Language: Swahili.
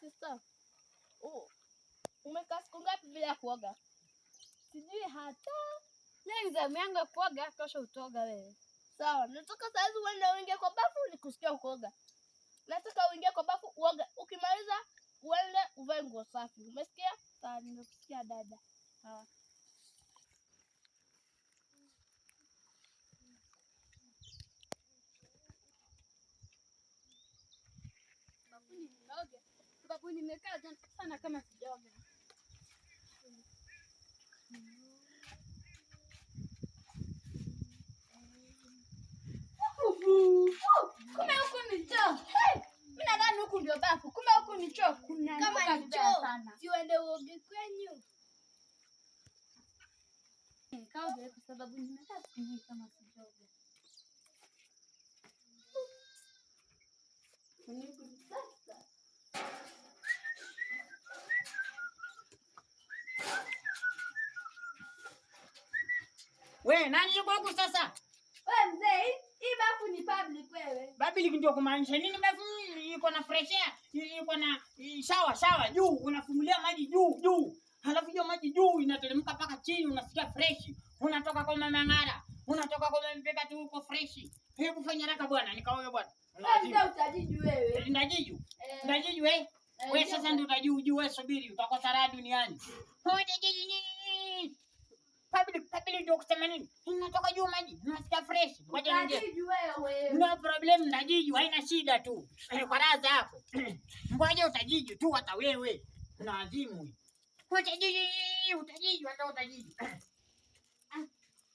sister, oh, umekaa siku ngapi bila ya kuoga? Sijui hata leo exam yangu ya kuoga, kesho utoga wewe. Sawa, nataka saa uende uingie kwa bafu nikusikia kuoga. Nataka uingie kwa bafu uoga, ukimaliza uende uvae nguo safi. Umesikia? Sawa, nimekusikia dada. Sawa nimekaa sana kama sijaoga. Kumbe huku ni choo. Mimi nadhani huku ndio bafu. Kumbe huku ni choo. Kuna kama ni choo sana. uoge kwenyu. Nikaoge eh, kwa sababu nimekaa sijaoga. We, nani yuko huku sasa? We mzee, hii bafu ni public wewe. Public ndio kumaanisha nini bafu? Iko na fresh air, iko na shower, shower juu, unafungulia maji juu juu. Halafu hiyo maji juu inateremka mpaka chini, unasikia fresh. Unatoka kwa mama Ngara, unatoka kwa mama Mbeba tu uko fresh. Hebu fanya haraka bwana, nikaoge bwana. Wewe utajiju wewe. Ndajiju. Eh. Ndajiju eh? eh, wewe. Wewe sasa ndio utajiju juu, wewe subiri, utakosa raha duniani. Hoje jiji nini? hii ndio kusema nini? Inatoka juu maji, nasikia fresh. Ngoja nje. No problem na jiju haina shida tu. Kwa raza yako. Ngoja utajiju tu hata wewe. Na azimu. Utajiju utajiju hata utajiju.